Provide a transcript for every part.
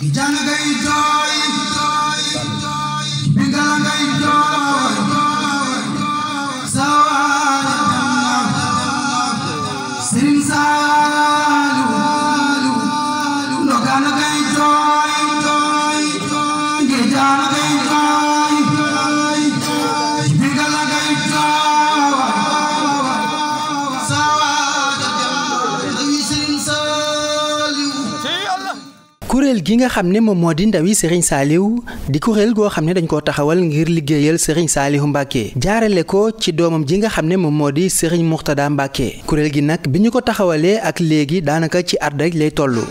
Vijana Gaito gi nga xam ne moom moo di ndawi Serigne Saliou di kuréel goo xam ne dañ koo taxawal ngir liggéeyal Serigne Saliou Mbacke jaarale ko ci doomam ji nga xam ne moomoo di Serigne Mourtada Mbacke kuréel gi nag bi ñu ko taxawalee ak léegi daanaka ci at rek lay tollu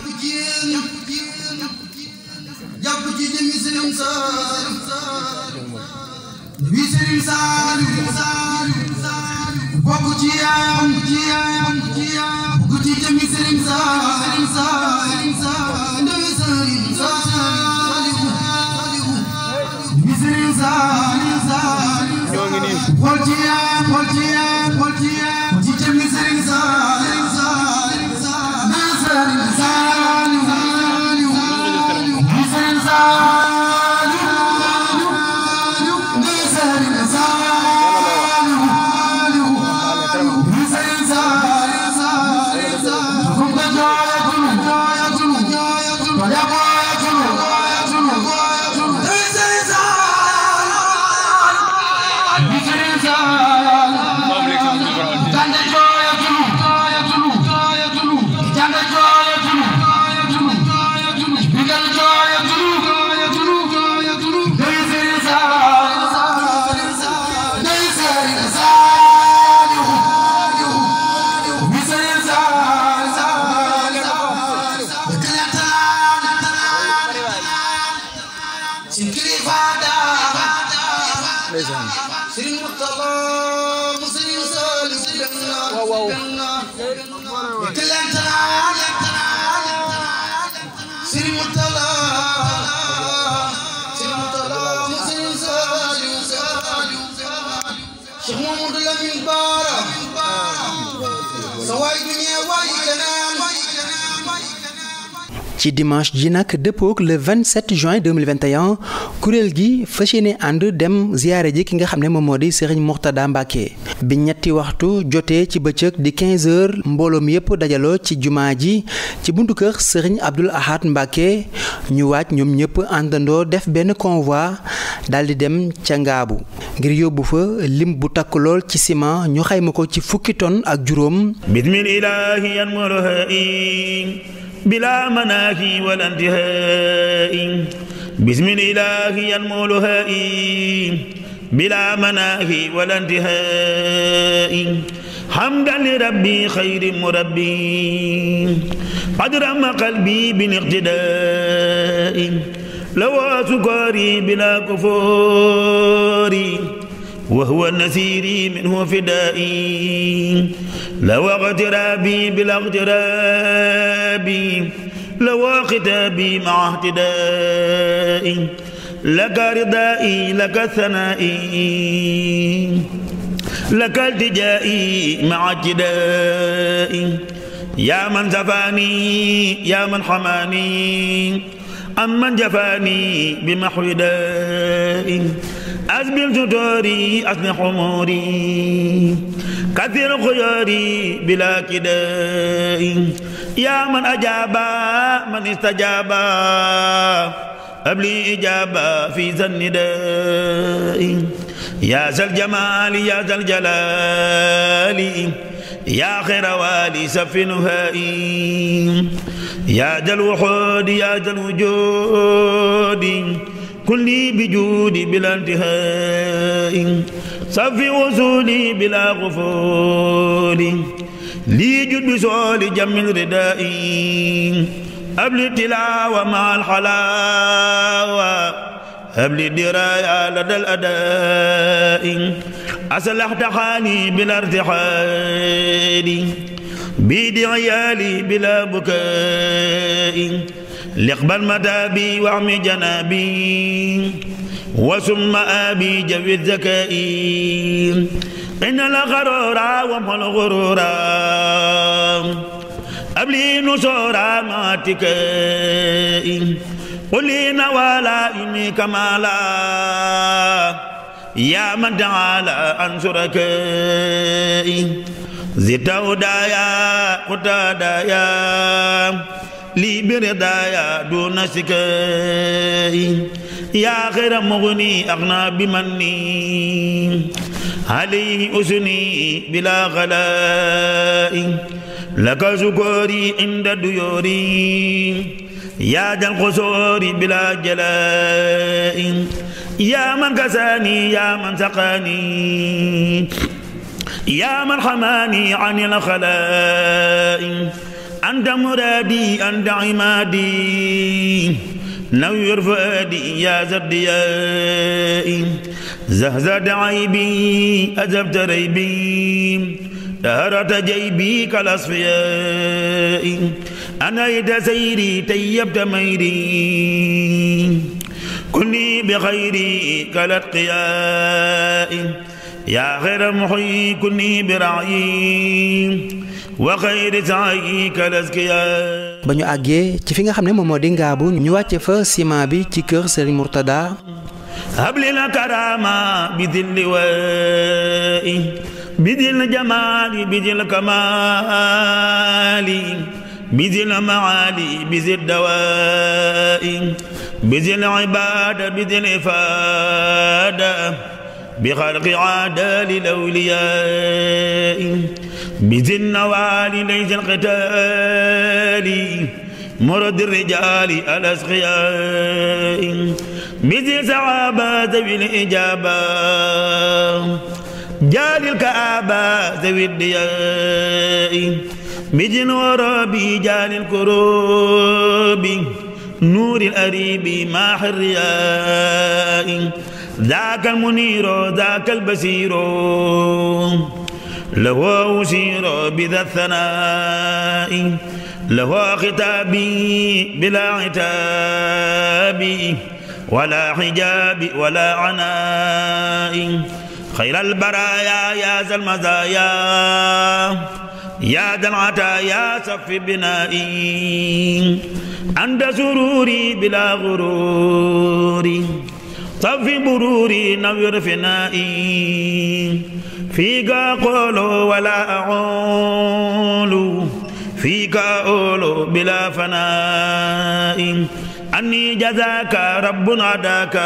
ñoo ngi nii ci dimanche ji nag dëppook le 27 juin kuréel gi fas yéene ànd dem ziyaare ji ki nga xam ne moom moo di Serigne Mourtada Mbacke bi ñetti waxtu jotee ci bëccëg di 15 heures mbooloom yépp dajaloo ci jumaa ji ci buntu kër Serigne Abdoul Ahad Mbacke ñu waaj ñoom ñëpp àndandoo def benn convoi daal di dem ca Ngaabu ngir yóbbu fa lim bu takk lool ci ciment ñu xayma ko ci fukki tonnes ak juróom. bismillaahi بلا مناهي ولا انتهاء بسم الإله ينمو لهائي بلا مناهي ولا انتهاء حمدا لربي خير مربي قد رم قلبي بالاقتداء لو سكاري بلا كفور وهو نذيري منه فدائي لو اغترابي بلا اغترابي لو اختابي مع اهتدائي لك رضائي لك ثنائي لك التجائي مع اجتدائي يا من زفاني يا من حماني أمن جفاني بمحو دائي أسبل جداري أسبل حموري كثير خياري بلا كداء يا من أجاب من استجاب أبلي إجابة في ذا النداء يا ذا الجمال يا ذا الجلال يا خير والي سف نهائي يا ذا الوحود يا ذا الوجود كلي بجودي بلا انتهاء صفي وصولي بلا غفول لي جد سؤال جم الرداء أبل تلاوة مع الحلاوة أبل دراية لدى الأداء أصلحت حالي بلا ارتحال بيد عيالي بلا بكاء liqbal mataabi wax mi janaabi wasum maabi jawit zakai inna la xaroora wa mal xuroora abli nu soora maatikai quli na wala uni kamala yaa man taala an surakai zitawdaya qutadaya lii béré daaya doona sikay yaa xayra mugni axna bi man ni alayhi usni bila xalaai laka sukoori inda duyoori yaa jal xosoori bila jalaai yaa man kasaani yaa man saqaani yaa man xamaani anil xalaai أنت مرادي أنت عمادي نوّر فؤادي يا ذا الضياء زهزد عيبي أذهبت ريبي دهرت جيبي كالأصفياء أنيت سيري تيبت ميري كني بخيري كالأتقياء يا خير محيي كني برعيي ba ñu àggee ci fi nga xam ne moom moo di ngaabu ñu wàcce fa ciment bi ci kër Serigne Mourtada bidil jamaali bidil kamaali bidil maali bidil dawaai bidil ibaada bidil ifaada bi xalqi aadali lawliyaai بذي النوال ليس القتال مرد الرجال الأسقياء بذي سعابة ذوي الإجابة جال الكآبة ذوي الدياء بذي وربي جال الكروب نور الأريب ما حرياء ذاك المنير ذاك البصير لهو أشير بذا الثناء لهو خطابي بلا عتاب ولا حجاب ولا عناء خير البرايا يا ذا المزايا يا ذا العتايا صف بنائي أنت سروري بلا غروري صف بروري نور فنائي فيك أقول ولا أعول فيك أقول بلا فناء أني جزاك ربنا داك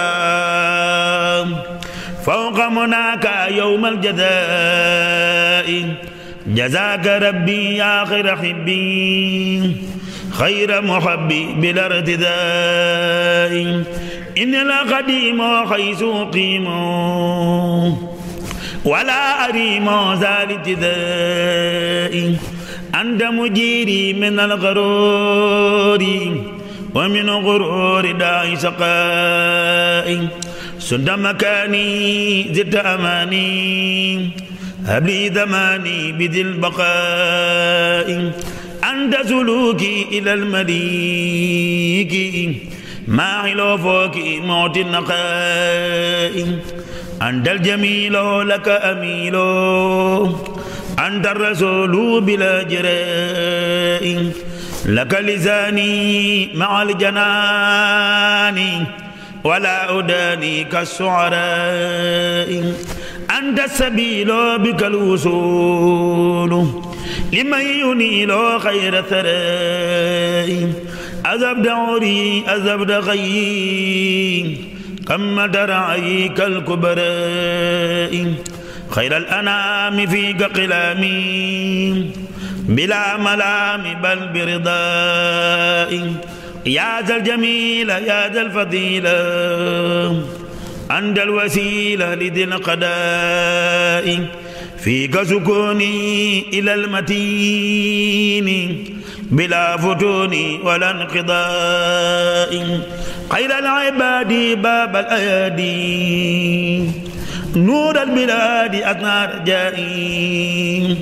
فوق مناك يوم الجزاء جزاك ربي يا خير حبي خير محبي بلا ارتداء إن القديم حيث قيمه ولا أري موزى لجدائي أنت مجيري من الغرور ومن غرور داعي سقائي سد مكاني زدت أماني هب لي زماني بذي البقاء أنت سلوكي إلى المليك ما حلوفك موت النقاء أنت الجميل لك أميل أنت الرسول بلا جراء لك لساني مع الجنان ولا أداني كالسعراء أنت السبيل بك الوصول لمن ينيل خير ثراء أذبت عري أذبت غيي قم درعيك الكبراء خير الأنام فيك قلامي بلا ملام بل برضائي يا ذا الجميل يا ذا الفضيلة أنت الوسيلة لذي القداء فيك سكوني إلى المتين بلا فتون ولا انقضاء خير العباد باب الأيادي نور البلاد أثنى رجائي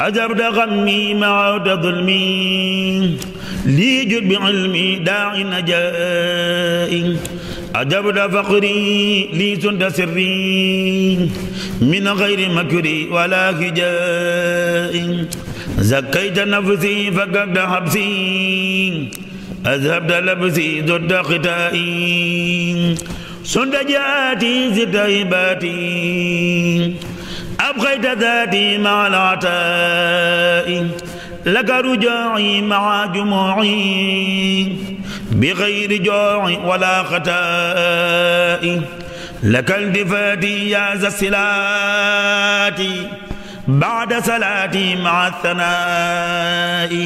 أجبت غمي مع عود ظلمي لي جد بعلمي داع نجائي أجبت فقري لي سند سري من غير مكري ولا هجاء زكيت نفسي فقد حبسي أذهبت لبسي ضد ختائي سند جاتي زد هباتي أبقيت ذاتي مع العطاء لك رجاعي مع جموعي بغير جوع ولا خطائي لك التفاتي يا ذا الصلات baada salaati maa sanaa'i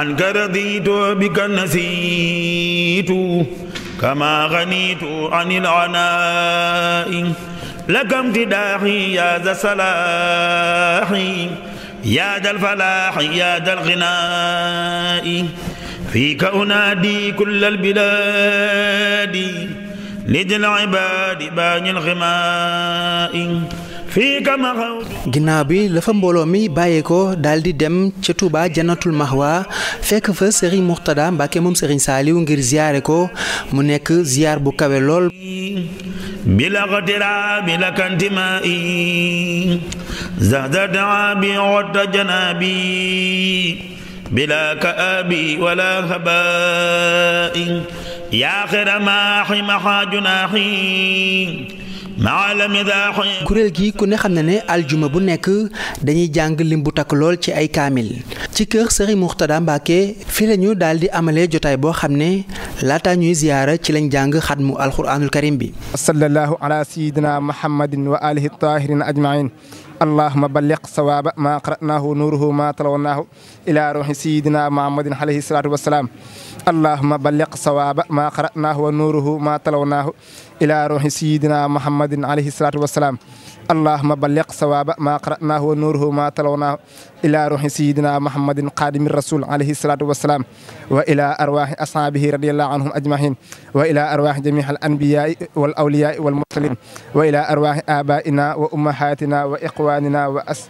anka radiitu bika nasiitu kama ganiitu anil anaa'i laka imtidaaxi yaa za salaaxi yaa dal falaaxi yaa dal ginaa'i fiika unaadi kullal bilaadi lijl ibaadi baanil gimaa'i ginnaaw bi la mbooloo mi bàyyee ko daal di dem ca Touba Jannatul Mahwa fekk fa Serigne Mourtada Mbacke moom Serigne Saliou ngir ziyaare ko mu nekk ziyaar bu kawe lool bila xatira bila kantima bi xotta janaabi bila wala habai yaa xira maaxi maxaajunaaxi kuréel gi ku ne xam na ne aljuma bu nekk dañuy jàng lim bu takk lool ci ay kaamil ci kër Serigne Mourtada Mbacke fi lañu daal di amalee jotaay boo xam ne laata ñuy ziyaara ci lañ jàng xatmu alquranul karim bi sallallahu ala sayidina muhammadin wa alihi tahirin ajmain allahuma balliq sawaaba maa qara'naahu nuuruhu maa talawnaahu ilaa ruuxi sayidina muhammadin alayhi salaatu wasalaam allahuma balliq sawaaba maa qara'naahu wa nuuruhu maa talawnaahu ilaa ruuxi sayidina muhammadin alayhi salaatu wasalaam allahuma balliq sawaaba maa qaranaahu wa nuuruhu maa talawnaahu ilaa ruuxi sayidina muhammadin qaadimi rasul alayhi salaatu wasalaam wa ilaa arwaaxi ashaabihi radiallahu anhum ajmahin wa ilaa arwaaxi jamiici al anbiyaai wal awliyaai wal mursaliin wa ilaa arwaaxi aabaaina wa ummahaatina wa iqwaanina wa as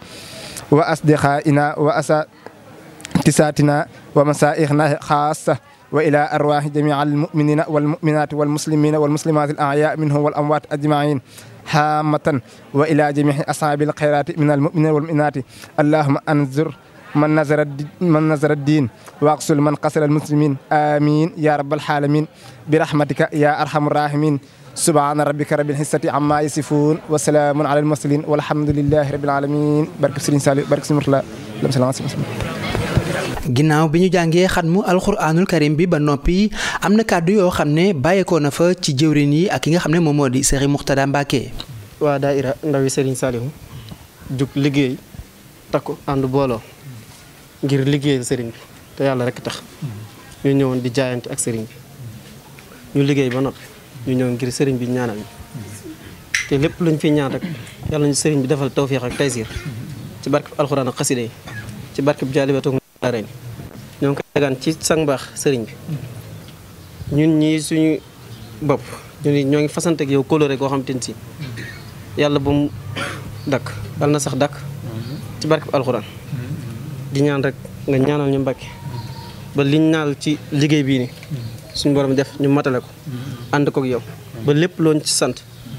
wa asdiqaaina wa asattisaatina wa masaa'ixna xaasa wa ila arwaahi jamii almuminina walmuminaati walmuslimina walmuslimaati al ahyaa minhum wal amwaat ajmain haamatan wa ila jamii ashaabi alxayraati min almuminina walmuminaati allahuma anzur man nazara man nazara diin waaqsul man qasara almuslimin amin ya rabbal alamin birahmatika ya arhamu rahimin subhaana rabbika rabbil izzati amma yasifun wa salaamun ala almursalin walhamdulillahi rabbil alamin barke Sëriñ Saliou barke Sëriñ Murtala ginnaaw bi ñu jàngee xatmu alxuraanul karim bi ba noppi am na kàddu yoo xam ne bàyyeekoo na fa ci jëwrin yi ak ki nga xam ne moom moo di Serigne Mourtada Mbacké. waa Daïra ndawi Serigne Saliou jug liggéey takku ànd booloo ngir liggéeyal sëriñ bi te yàlla rek tax ñu ñëwoon di jaayante ak Serigne bi ñu liggéey ba noppi ñu ñëw ngir Serigne bi ñaanal ñu te lépp luñ fi ñaan rek yàlla ñu Serigne bi defal tawfiix ak taysiir ci barkeb alxuraan ak xasida yi ci barkeb jaalibatu arañ ñoo koy dagaan ci sang mbaax sëriñ bi ñun ñii suñu bopp ñu ni ñoo ngi fasante ak yow coloré goo xam te ne si yàlla bu mu dakk yàlla na sax dakk ci barkeb alxuraan di ñaan rek nga ñaanal ñu Mbàkke ba liñ naal ci liggéey bii ni suñu borom def ñu matale ko ànd ko ak yow ba lépp loo ci sant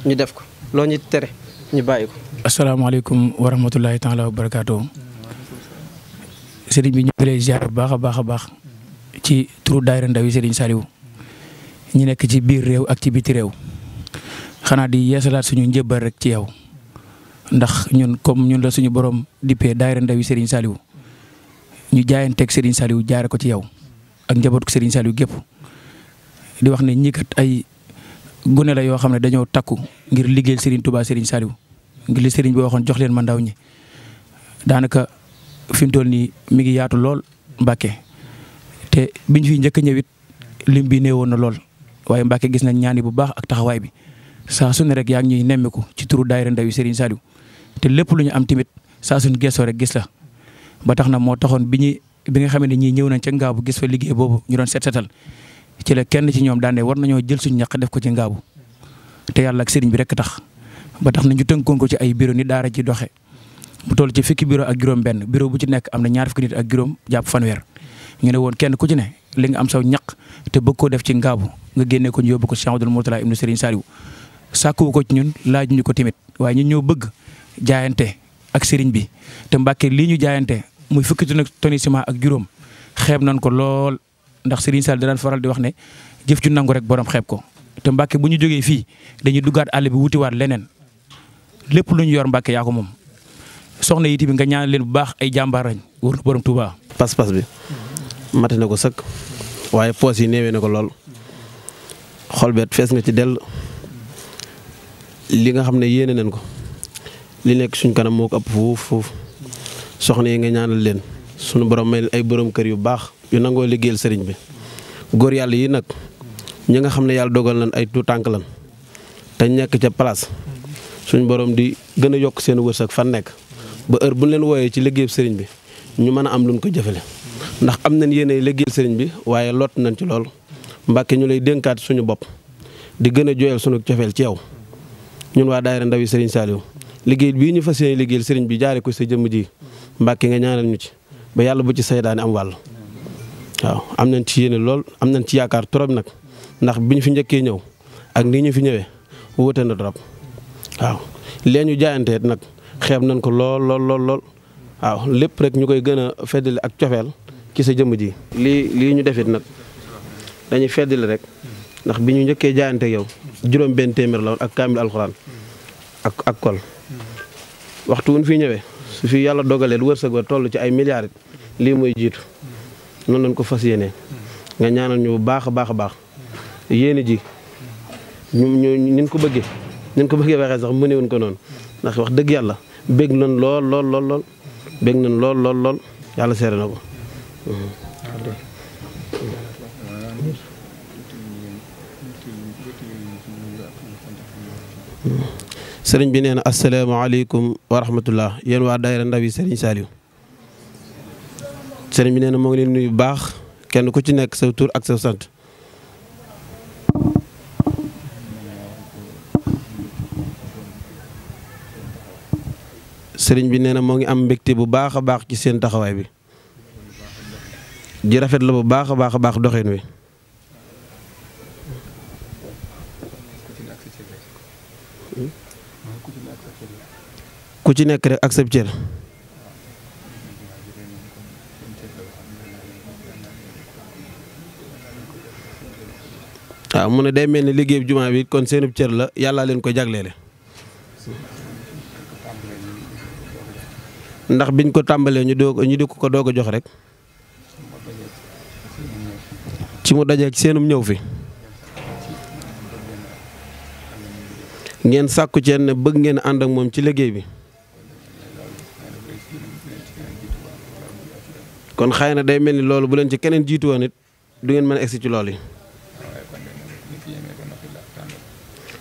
ñu def ko loo ñu tere ñu bàyyi ko asalaamaaleykum wa rahmatulahi taala wa barakaatu sëriñ bi ñu ngi lay ziar baax a baax a baax ci turu daayira ndaw yi sëriñ Saliou ñu nekk ci biir réew ak ci biti réew xanaa di yeesalaat suñu njëbal rek ci yow ndax ñun comme ñun la suñu borom dippee daayira ndaw yi sëriñ Saliou ñu jaayanteeg sëriñ Saliou jaare ko ci yow ak njabootu sëriñ Saliou gépp di wax ne ñi kat ay gune la yoo xam ne dañoo takku ngir liggéey sëriñ tubaa sëriñ Saliou ngir li sëriñ boo waxoon jox leen ma ndaw ñi fi mu toll nii ngi yaatu lool Mbacke te biñ fi njëkk a ñëwit lim bi néewoon na lool waaye Mbacke gis nañ ñaani bu baax ak taxawaay bi saa su rek yaa ngi ñuy nemmiku ci turu daayira ndawi Serigne Saliou te lépp lu ñu am tamit saa suñu rek gis la ba tax na moo taxoon bi ñu bi nga xam ne ñëw nañ ca ngaabu gis fa liggéey boobu ñu doon set setal ci la kenn ci ñoom daan ne war nañoo jël suñu ñaq def ko ci ngaabu te yàlla ak sëriñ bi rek tax ba tax na ñu tënkoon ci ay bureau ni daara mu toll ci fukki bureau ak juróom-benn bureau bu ci nekk am na ñaar fukki nit ak juróom jàpp fanweer ñu ne woon kenn ku ci ne li nga am saw ñaq te bëgg koo def ci ngaabu nga génne ko ñu yóbbu ko Cheikh Abdoul Mourtala ibnu Serigne Saliou sàkkuwu ko ci ñun laajuñu ko tamit waaye ñun ñoo bëgg jaayante ak sëriñ bi te mbake lii ñu jaayante muy fukki toni ciment ak juróom xeeb nañ ko lool ndax Serigne Saliou daan faral di wax ne jëf ju nangu rek boroom xeeb ko te mbake bu ñu jógee fii dañuy duggaat àll bi wutiwaat leneen lépp lu ñu yor Mbàkke yaa moom soxna yi tamit nga ñaan leen bu baax ay jàmbaarañ wër na borom Touba. pas-pas bi mate na ko sëkk waaye poos yi néewee na ko lool xol fees nga ci dell li nga xam ne yéene nañ ko li nekk suñ kanam moo ko ëpp foofu foofu soxna yi nga ñaanal leen suñu borom may ay borom kër yu baax yu nangoo liggéeyal sëriñ bi góor yàlla yi nag ñu nga xam ne yàlla dogal nañ ay tu tànk lan te ñekk ca place suñu borom di gën a yokk seen wërsëg fan nekk. ba heure bu ñu leen wooyee ci liggéeyub sëriñ bi ñu mën a am ñu ko jëfale ndax am nañ yéene liggéeyub sëriñ bi waaye lot nañ ci lool Mbàkke ñu lay dénkaat suñu bopp di gën a jooyal suñu cofeel ci yow ñun waa daayira ndawi sëriñ Saliou liggéey bii ñu fas yéene liggéeyal sëriñ bi jaaree ko sa jëmm ji Mbàkke nga ñaanal ñu ci ba yàlla bu ci saydaane am wàll waaw am nañ ci yéene lool am nañ ci yaakaar trop nag ndax bi ñu fi njëkkee ñëw ak nii ñu fi ñëwee wute na trop xeeb nañ ko lool lool lool lool waaw lépp rek ñu koy gën a feddali ak cofeel ci sa jëmm ji. lii lii ñu defit nag dañuy feddali rek ndax bi ñu njëkkee jaayante yow juróom benn téeméer la woon ak kaamil alxuraan ak kol waxtu wuñ fi ñëwee su fi yàlla dogalee lu wërsëg ba toll ci ay milliards lii mooy jiitu noonu lañ ko fas yéenee nga ñaanal ñu bu baax a baax a baax yéene ji ñu ñu ñu ko bëggee ñu ko bëggee waxee sax mënewuñ ko noonu ndax wax dëgg yàlla. bég nañ lool lool lool lool bég lool lool yàlla seere na ko. sëriñ bi nee na asalaamaaleykum wa rahmatullah waa daayira ndaw yi sëriñ Saliou sëriñ bi nee na moo ngi leen nuyu baax kenn ku ci nekk sa tuur ak sa sant. sëriñ bi nee na moo ngi am mbégte bu baax a baax ci seen taxawaay bi ji rafet la bu baax a baax a baax doxin wi ku ci nekk rek ak sab cër waaw mu ne day mel ni liggéey jumaa bi kon seenub cër la yàllaa leen ko jagleele ndax biñ ko tàmbalee ñu doog ñu di ko dooga a jox rek ci mu dajeeg seenum ñëw fi ngeen sàkku ceen ne bëgg ngeen àndak moom ci liggéey bi kon xëy na day mel ni loolu bu leen ci keneen jiituwoon it du ngeen mën a egsi ci loolu yi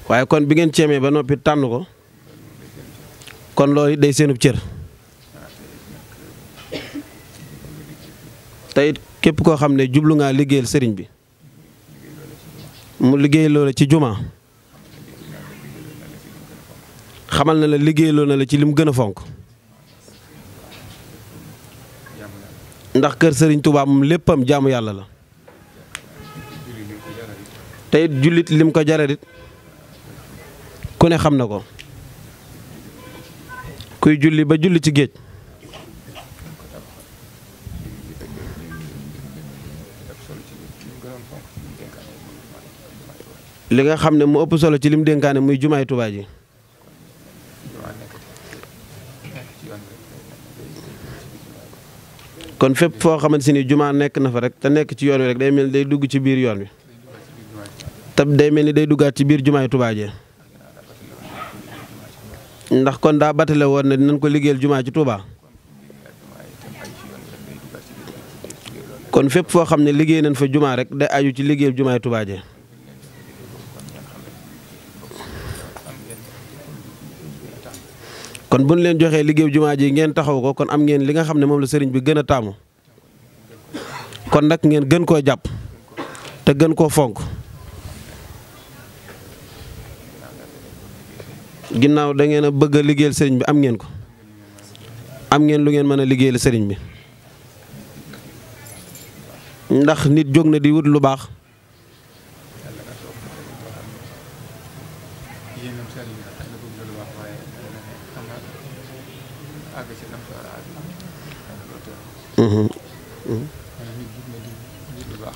waaye kon bi ngeen ceemee ba noppi tànn ko kon loolu it day seenub cër te képp koo xam ne jublu ngaa liggéeyal sëriñ bi mu liggéey loola ci jumaa xamal na la liggéey loo na la ci lim gën a fonk ndax kër sëriñ Tuubaa moom léppam jaamu yàlla la te it jullit lim ko jararit ku ne xam na ko kuy julli ba julli ci géej li nga xam ne mu ëpp solo ci lim dénkaane muy jumaay Tuubaa ji kon fépp foo xamante si jumaa nekk na fa rek te nekk ci yoon wi rek day mel ni day dugg ci biir yoon wi te day mel ni day duggaat ci biir jumaay Tuubaa ji ndax kon daa batale woon ne dinañ ko liggéeyal jumaa ci Tuubaa kon fépp foo xam ne liggéey nañ fa jumaa rek day aju ci liggéeyal jumaay Tuubaa ji kon bu ñu leen joxee liggéeyu jumaa ji ngeen taxaw ko kon am ngeen li nga xam ne moom la sëriñ bi gën a taamu kon nag ngeen gën koo jàpp te gën koo fonk ginnaaw dangeen a bëgg a liggéeyal sëriñ bi am ngeen ko am ngeen lu ngeen mën a liggéeyal sëriñ bi ndax nit jóg na di wut lu baax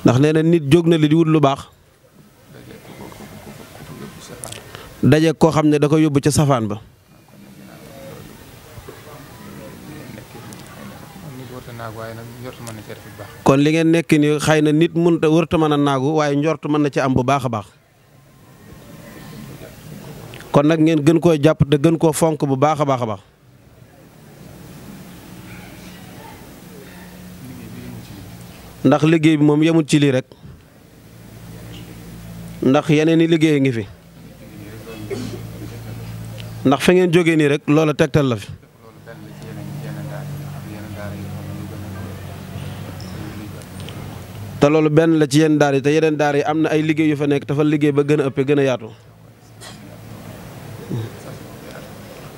ndax nee na nit jóg na li di wut lu baax daje koo xam ne da ko yóbbu ca safaan ba kon li ngeen nekk ni xëy na nit mënta wërta mën a naagu waaye njort mën na ci am bu baax a baax kon nag ngeen gën koo jàpp te gën koo fonk bu baax a baax a baax ndax liggéey bi moom yemut ci lii rek ndax yeneen i liggéey ngi fi ndax fa ngeen jóge nii rek loola tegtal la fi te loolu benn la ci yenn daar yi te yeneen daar yi am na ay liggéey yu fa nekk te fa liggéey ba gën a ëppee gën a yaatu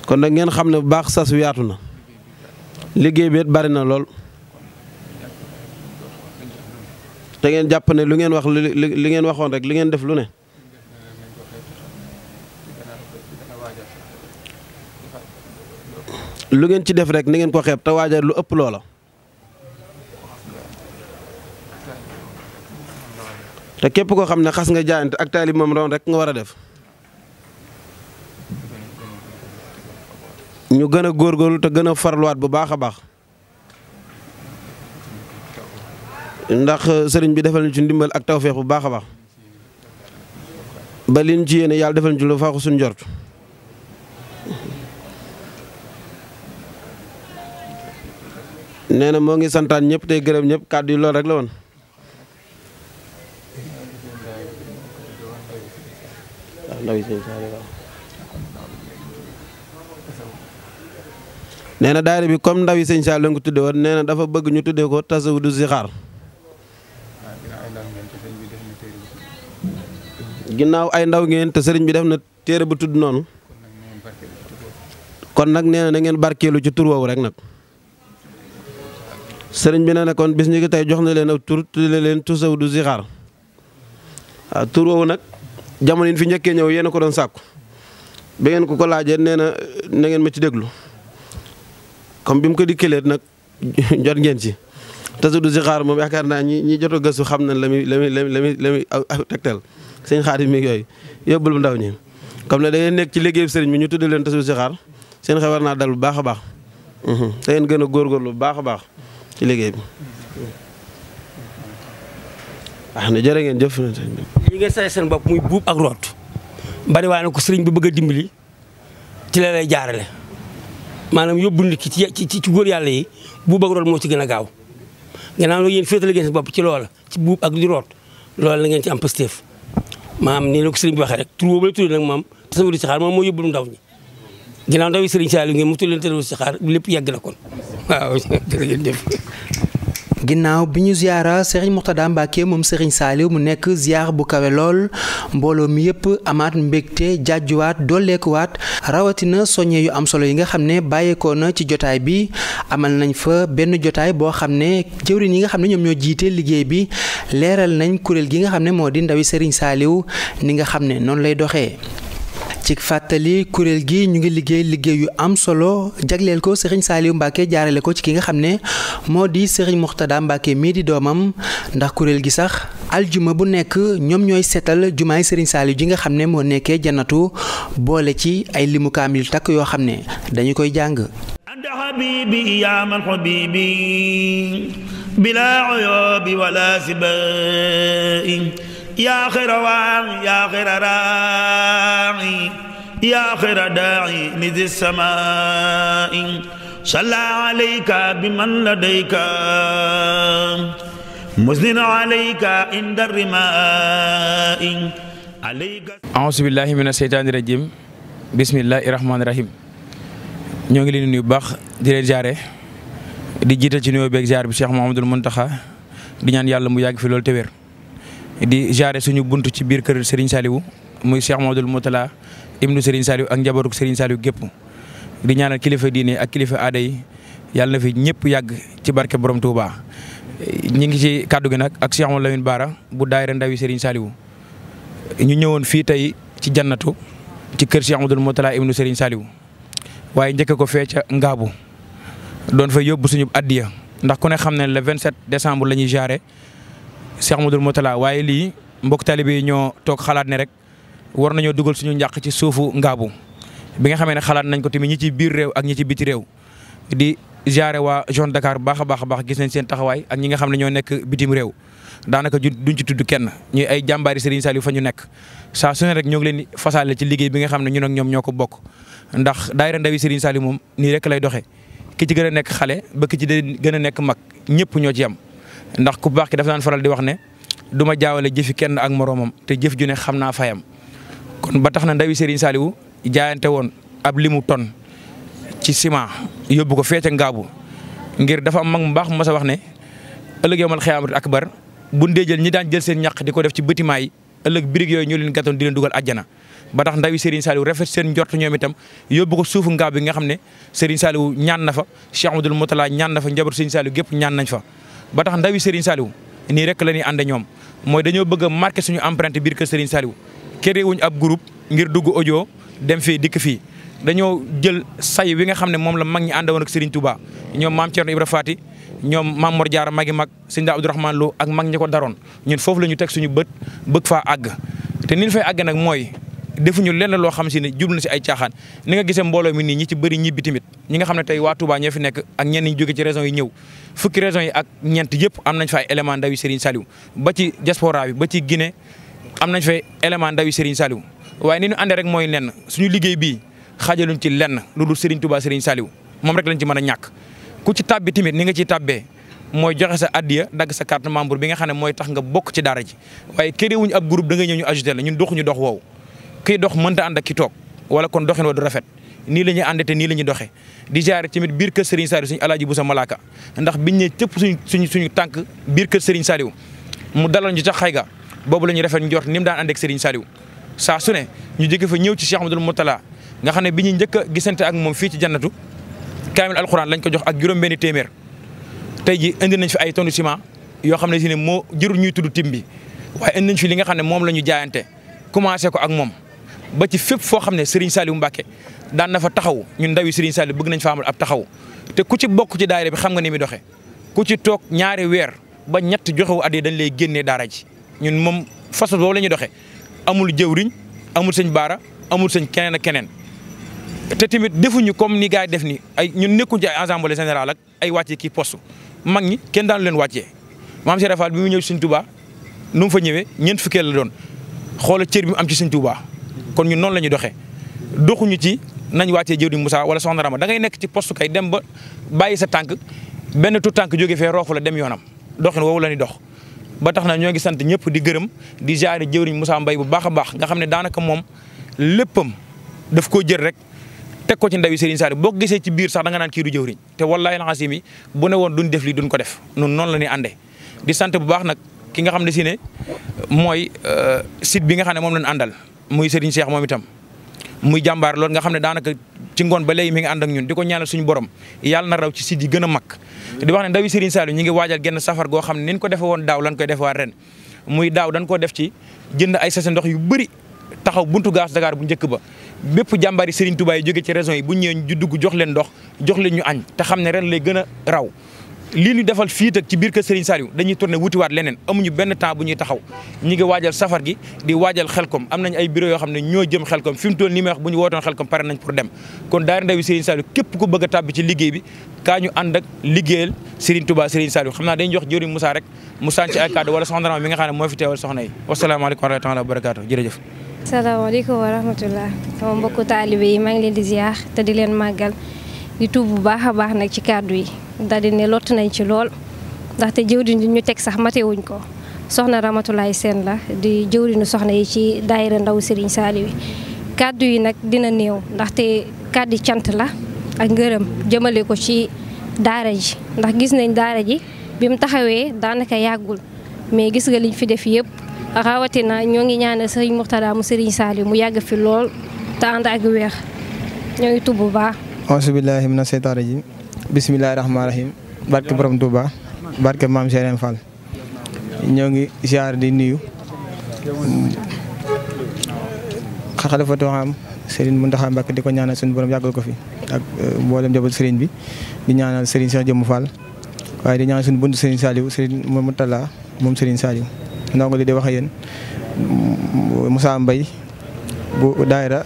kon nag ngeen xam ne bu baax sas wi yaatu na liggéey bi it bari na lool. te ngeen jàpp ne lu ngeen wax li ngeen waxoon rek li ngeen def lu ne lu ngeen ci def rek ni ngeen ko xeeb te waajal lu ëpp loola te képp koo xam ne xas nga jaayante ak taalib moom doon rek nga war a def ñu gën a góorgóorlu te gën a farluwaat bu baax a baax ndax euh, sëriñ bi defal ñu ci ndimbal ak tawféex bu baax a baax ba liñ ci yéene yàlla defal ñu ci lu faaxu suñ jort nee na moo ngi santaan ñëpp tey gërëm ñëpp kàddu yi rek la woon nee na bi comme ndaw yi sëñ Saliou la ko tudde woon nee na dafa bëgg ñu tuddee ko tasawudu si xaar ginnaaw ay ndaw ngeen te sëriñ bi def na téere bu tudd noonu kon nag nee na na ngeen barkeelu ci tur woowu rek nag sëriñ bi nee na kon bis ñu tey jox na leen aw tur tuddee leen tusaw du zixaar waaw nag jamono yi fi njëkkee ñëw yéen ko doon sàkku ba ngeen ko ko laajee nee na na ma ci déglu comme bi mu ko dikkalee nag jot ngeen ci. tasu du si xaar moom yaakaar naa ñi ñi joto a gëstu xam nañ lami muy la muy la muy la sëñ xaadim mi yooyu yóbbul ndaw ñi comme ne da nekk ci liggéeyu sëriñ bi ñu tudd leen tasu si xaar seen xel war naa dal bu baax a baax mhm. da ngeen gën a góorgóorlu lu baax a baax ci liggéey bi wax ah, na ngeen jëf li seen bopp buub ak root bari waa ne ko sëriñ bi bëgg a dimbali ci la lay jaarale maanaam yóbbu nit ki ci ci góor yàlla yi buub ak root moo ci gën a gaaw gannaaw loolu yéen féetale ngeen si bopp ci lool ci buub ak di root loola la ngeen ci am pësteef maam nii la ko sëriñ bi waxee rek tur boobu la tudd nag maam tasawur istixaar moom moo ndaw ñi ginnaaw ndaw yi sëriñ Saliou ngeen mu tudd leen tasawur istixaar lépp yàgg na kon ginnaaw bi ñu ziara Serigne Mourtada Mbacke moom Serigne saaliw mu nekk ziar bu kawe lool mbooloo mi yépp amaat mbégte jàjjuwaat dolleekuwaat rawatina soññe yu am solo yi nga xam ne bàyyeekoo na ci jotaay bi amal nañ fa benn jotaay boo xam ne jëwriñ yi nga xam ne ñoom ñoo jiitee liggéey bi leeral nañ kuréel gi nga xam ne moo di ndawi Serigne Saliou ni nga xam ne noonu lay doxee. ci fàttali kuréel gi ñu ngi liggéey liggéey yu am solo jagleel ko Serigne Saliou Mbacke jaarale ko ci ki nga xam ne moo di sëriñ Mourtada Mbacke mii di doomam ndax kuréel gi sax aljuma bu nekk ñoom ñooy seetal jumaay sëriñ Saliou ji nga xam ne moo nekkee janatu boole ci ay limu kaamil takk yoo xam ne dañu koy jàng. yaa xayra waam yaa xayra raa'i yaa xayra daa'i li di samaa'i salla alayka bi man ladayka musnin alayka inda rimaa'i alayka a'uuzu billahi mina seytaani rajim bismillahi rahmaani rahim ñoo ngi leen di nuyu bu baax di leen jaare di jiital ci nuyoo beeg jaar bi Cheikh Mouhamadul Mountakha di ñaan yàlla mu yàgg fi loolu te wér di jaare suñu bunt ci biir kër Serigne Saliou muy Cheikh Mamadou Moutala ibnu Serigne Saliou ak njabaruk Serigne Saliou gépp di ñaanal kilifa diine ak kilifa aada yi yàlla na fi ñëpp yàgg ci barke borom Touba. ñi ngi ci kàddu gi nag ak Cheikh la Lamine Bara bu daayira ndawi Serigne Saliou ñu ñëwoon fii tey ci janatu ci kër Cheikh Mamadou Moutala ibnu Serigne Saliou waaye njëkk ko fee ca Ngaabu doon fa yóbbu suñu addiya ndax ku ne xam ne le 27 décembre la ñuy jaare Cheikh Modou la waaye lii mbokk taalibe yi ñoo toog xalaat ne rek war nañoo dugal suñu njàq ci suufu ngaabu bi nga xamee ne xalaat nañ ko tamit ñi ci biir réew ak ñi ci biti réew di jaare waa zone Dakar baax a baax a baax gis nañ seen taxawaay ak ñi nga xam ne ñoo nekk bitim réew daanaka duñ ci tudd kenn ñuy ay jàmbaari Serigne Saliou fa ñu nekk saa su ne rek ñoo ngi leen di fasaale ci liggéey bi nga xam ne ñun ak ñoom ñoo ko bokk ndax daayira ndawi Serigne Saliou moom nii rek lay doxee ki ci gën a nekk xale ba ki ci gën a nekk mag ñëpp ñoo ci yam ndax ku baax ki dafa daan faral di wax ne du ma jaawale jëfi kenn ak moroomam te jëf ju ne xam naa fayam kon ba tax na ndawi Serigne Saliou jaayante woon ab limu ton ci ciment yóbbu ko feete ngaabu ngir dafa am mag mu baax mos wax ne ëllëg yomal xiyaamati akbar bu dee ñi daan jël seen ñaq di ko def ci bâtiment yi ëllëg birig yooyu ñoo leen gàttoon di leen dugal àjjana. ba tax ndawi Serigne Saliou rafet seen njort ñoom itam yóbbu ko suufu ngaab bi nga xam ne Serigne Saliou ñaan na fa Cheikh Abdoul Moutala ñaan na fa njaboot Serigne Saliou gépp ñaan nañ fa. ba tax ndawi Serigne Saliou nii rek la ñuy ànd ñoom mooy dañoo bëgg a marqué suñu empreinte biir kër Serigne Saliou créé wuñ ab group ngir dugg audio dem fii dikk fii dañoo jël say wi nga xam ne moom la mag ñi àndawoon ak Serigne Touba ñoom maam Thierno Ibra Fati ñoom maam Mor Diarra magi mag Serigne Abdourahmane Lo ak mag ñi ko daroon ñun foofu la ñu teg suñu bët bëgg faa àgg te ni ñu fay àgg nag mooy defuñu lenn loo xam si ne jublu na si ay caaxaan ni nga gisee mbooloo mi nii ñi ci bëri ñibbi tamit ñi nga xam ne tey waa Touba ñoo fi nekk ak ñenn ñi jóge ci ñëw fukki régions yi ak ñeent yëpp am nañ fa ay élément ndawi Serigne Saliou ba ci diaspora bi ba ci Guinée am nañ fa élément ndawi Serigne Saliou waaye ni ñu àndee rek mooy lenn suñu liggéey bii xaajaluñ ci lenn lu dul Serigne Touba Serigne Saliou moom rek lañ ci mën a ñàkk ku ci tàbbi tamit ni nga ciy tàbbee mooy joxe sa addiya dagg sa carte membre bi nga xam ne mooy tax nga bokk ci daara ji waaye këriwuñ ab groupe da nga ñëw ñu ajouté la ñun doxuñu dox woowu kii dox mënta ànd ak ki toog wala kon doxin wa du rafet nii la ñuy ànd te nii la ñuy doxee di jaare tamit biir kër Serigne Saliou suñu alaaji bu sa malaaka ndax biñ ne cëpp suñ suñ suñu tànk biir kër Serigne Saliou mu dalal ñu sax xay ga boobu la ñuy rafet njort ni mu daan ànd ak Serigne saa sune ñu jëkke fa ñëw ci Cheikh Amadou Moutala nga xam ne bi ñuy njëkk gisante ak moom fii ci jannatu kaamil alxuraan lañ ko jox ak juróom-benni téeméer tey ji indi nañ fi ay tondu yoo xam ne si ne moo jërul ñuy tudd tim bi waaye indi nañ li nga xam ne moom la ñu jaayante commencé ko ak moom ba ci fépp foo xam ne Serigne Saliou Mbacké daan nafa taxaw ñu ndawi Serigne Saliou bëgg nañ fa amal ab taxaw te ku ci bokk ci daayira bi xam nga ni mi doxee ku ci toog ñaari weer ba ñett joxewu at yi dañ lay génnee daara ji ñun moom façon boobu la ñuy doxee amul jëwriñ amul sëñ baara amul sëñ keneen ak keneen te tamit defuñu comme ni gars def ni ay ñun nekkuñ ci ay ensemble général ak ay wàccee kii poste mag ñi kenn daanu leen wàccee maam Cheikh Rafal bi mu ñëw ci sëñ Touba fa ñëwee ñeent fukkee la doon xoola cër bi am ci sëñ Touba kon ñun noonu la ñuy doxee doxuñu ci nañ wàccee jëwriñ Moussa wala soxna Rama da ngay nekk ci poste kay dem ba bàyyi sa tànk benn tu tànk jóge fee roofu la dem yoonam doxin woowu la ñuy dox ba tax na ñoo ngi sant ñëpp di gërëm di jaare jëwriñ Moussa Mbaye bu baax a baax nga xam ne daanaka moom léppam daf koo jël rek teg ko ci ndawi Serigne Saliou boo gisee ci biir sax da nga naan kii du jëwriñ te wallaahi laxasim yi bu ne woon duñ def lii duñ ko def nun noonu la ñuy àndee di sant bu baax nag ki nga xam ne si ne mooy euh, site bi nga xam ne moom lañu àndal muy Serigne Cheikh moom itam muy jàmbaar lool nga xam ne daanaka ci ngoon ba léegi mi ngi ànd ak ñun di ko ñaanal suñu borom yàlla na raw ci sit yi gën a mag. di wax ne ndawi Serigne Saliou ñu ngi waajal genn safar goo xam ne ni ñu ko defee woon daaw lañ koy defewaat ren muy daaw dañ koo def ci jënd ay sase ndox yu bëri taxaw buntu gaas Dakar bu njëkk ba bépp jàmbaari Serigne tubaay yi jóge ci régions yi bu ñëwee ñu dugg jox leen ndox jox leen ñu añ te xam ne ren lay gën a raw lii ñu defal fii tak ci biir kër Serigne Saliou dañuy tourné waat leneen amuñu benn temps bu ñuy taxaw ñi ngi waajal safar gi di waajal xelkom am nañ ay bureau yoo xam ne ñoo jëm xelkom fi mu toll nii may wax bu ñu wootoon xelkom pare nañ pour dem kon daara ndawi Serigne Saliou képp ko bëgg a tàbbi ci liggéey bi kaa ñu ànd ak liggéeyal Serigne tubaa Serigne Saliou xam naa dañuy jox jëriñ Moussa rek mu sànci ay kàddu wala soxna Rama mi nga xam ne moo fi teewal soxna yi wasalaamaaleykum wa rahmatulah wa barakaatu jërëjëf asalaamaaleykum wa rahmatulah sama mbokku taalibe yi ngi leen di ziar te di leen màggal di tuub bu baax a baax nag ci kàddu yi daldi ne lott nañ ci lool ndaxte jëwriñ ñu teg sax matewuñ ko soxna Ramatulaay Seen la di jëwriñu soxna yi ci daayira ndaw Serigne Saliou kàddu yi nag dina néew ndaxte kàddu cant la ak ngërëm jëmale ko ci daara ji ndax gis nañ daara ji bi mu taxawee daanaka yàggul mais gis nga liñ fi def yëpp rawatina ñoo ngi ñaanal Serigne Mourtada mu Serigne Saliou mu yàgg fi lool te ànd ak weex ñoo ngi tubb bu baax. auzu billaahi mina seytaani rajiim bisimilah rahmaani rahiim barke borom Touba barke maam Serigne Fall ñoo ngi ziar di nuyu xalifatu am Serigne Mountakha Mbacké di ko ñaanal suñu borom yàggal ko fi ak mboolem njaboot Serigne bi di ñaanal Serigne Cheikh Jëmm Fall waaye di ñaanal suñu buntu Serigne Saliou Serigne Moutalla moom Serigne Saliou ndongo li di wax ak yéen Moussa Mbaye bu daayira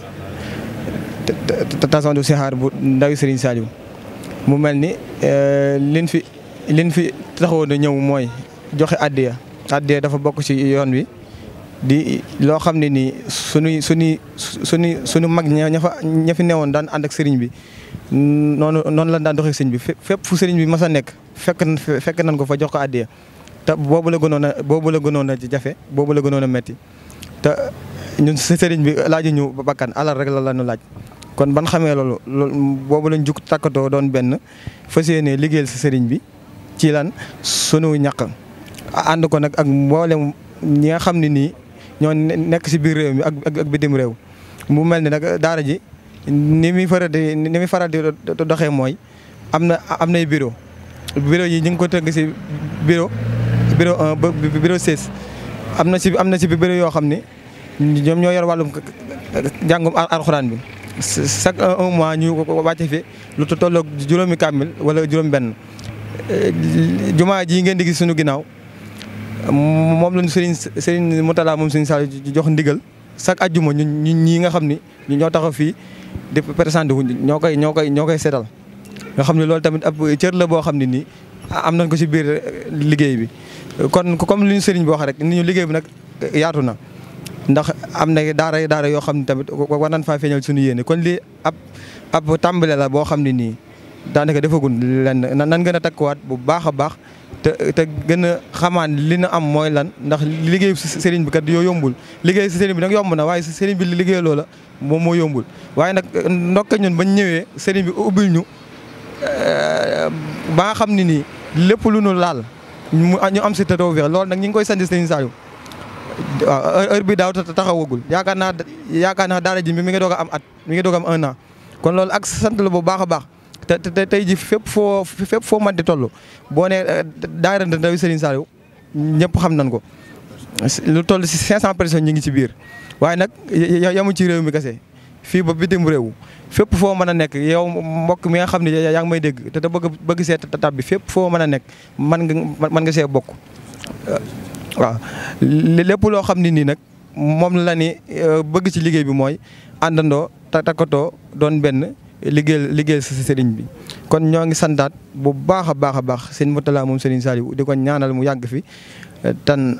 tasandu sixaar bu ndawi Serigne Saliou mu mel ni euh, liñ fi lin fi taxawoon a ñëw mooy joxe addiya addiya dafa bokk ci yoon wi di loo xam ne nii suñuy suñuy suñuy suñu mag ña fa ña fi newoon daan ànd ak sëriñ bi noonu noonu la daan doxee sëriñ bi fépp fu sëriñ bi masa nekk fekk fekk nañ ko fa jox ko addiya boobu la gënoon a boobu la gënoon a jafe boobu la gënoon a metti te ñun sëriñ bi laaju ñu bakkan alal rek la la ñu laaj kon ban xamee loolu boobu lañ jug takkatoo doon benn fa yéenee liggéey sa sëriñ bi ci lan sunu ñaq ànd ko nag ak mboolem ñi nga xam ne nii ñoo nekk si biir réew mi ak ak bitim réew mu mel ni nag daara ji ni muy faral di ni faral di doxee mooy am na am nay biro bureau yi ñu ngi ko tënk si biro bureau un am na si am na si bureau yoo xam ne ñoom ñoo yor wàllum jàngum alxuraan bi chaque un mois ñu wàcce fi lu tolloog juróomi kaamil wala juróom-benn eh, jumaa ji ngeen di gis suñu ginnaaw moom lañu Serigne Serigne Moutala moom Serigne Sall jox ndigal chaque ajjuma ñu ñii nga xam ni ñoo taxaw fii di présenté wu ñoo koy ñoo koy ñoo koy seetal nga xam ne loolu tamit ab cër la boo xam ne nii am nañ ko si biir liggéey bi kon comme li ñu Serigne bi wax rek indi ñu liggéey bi nag yaatu na. ndax am na daara daara yoo xam ne tamit war nañ faa feeñal suñu yéene kon lii ab ab tàmbale la boo xam ne nii daanaka defagul lenn nan gën a takkuwaat bu baax a baax te te gën a xamaan li na am mooy lan ndax liggéey sëriñ bi kat yoo yombul liggéey si sëriñ bi nag yomb na waaye si sëriñ bi liggéey loola moom moo yombul waaye nag eh, ndokka ñun bañ ñëwee sëriñ bi ubbil ñu eh, ba nga xam ne nii lépp lu nu laal ñu am si te tawfeex loolu nag ñu koy sant sëriñ Saliou waaw heure bi daaw taxawagul yaakaar naa yaakaar naa daara ji mi ngi doog am at mi ngi doog am un an kon loolu ak sant la bu baaxa baax te te tey ji fépp foo fépp foo mën di toll boo nee eh, daara ndawi Serigne Saliou ñëpp xam nañ ko lu toll si 500 personnes ñu ngi ci biir waaye nag yamu ci réew mi kase fii ba bitim réew fépp foo mën a nekk yow mbokk mi nga xam ne yaa ngi may dégg te te bëgg bëgg see tab bi fépp foo mën a nekk man nga man nga see bokk waaw lépp loo xam ne nii nag moom la ni euh, bëgg ci liggéey bi mooy àndandoo takkatoo doon benn liggéeyal liggéeyal si sëriñ bi. kon ñoo ngi santaat bu baax a baax a baax sëñ Moutalla moom sëriñ Saliou di ko ñaanal mu yàgg fi tan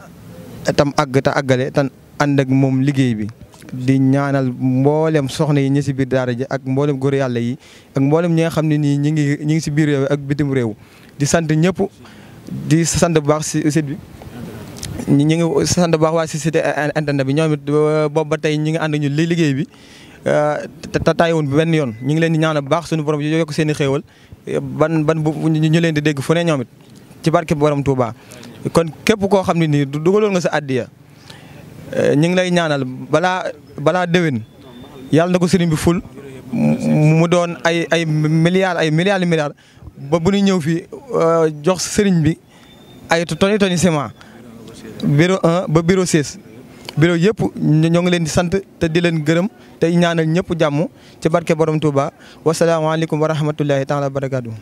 tam àgg ta àggale tan ànd ak moom liggéey bi. di ñaanal mboolem soxna yi ñu si biir daara ji ak mboolem góor yàlla yi ak mboolem ñi nga xam ne nii ñi ngi ñi ngi si biir réew ak bitim réew di sant ñëpp di sant bu baax si site bi. ñu ngi sant baax waa société internet bi ñoom it ba tey ñi ngi ànd ñu li liggéey bi te euh, tàyyiwuñ benn yoon ñu ngi leen di ñaanal bu baax suñu borom yi yokk seen i xéewal ban ban bu ñu leen di dégg fu ne ñoom it ci barke borom Touba. kon képp koo xam ne nii dugaloon nga sa addiya euh, ñu ngi lay ñaanal balaa balaa déwén yàlla na ko sëriñ bi ful mu doon ay ay milliards ay milliards milliards ba bu ñu ñëw fii euh, jox sëriñ bi ay toni toni ciment. bureau 1 ba bureau 16 bureau yëpp ñoo ngi leen di sant te di leen gërëm te ñaanal ñëpp jàmm ci barke borom Touba wasalaamaaleykum wa rahmatullahi taala wa barakaatu.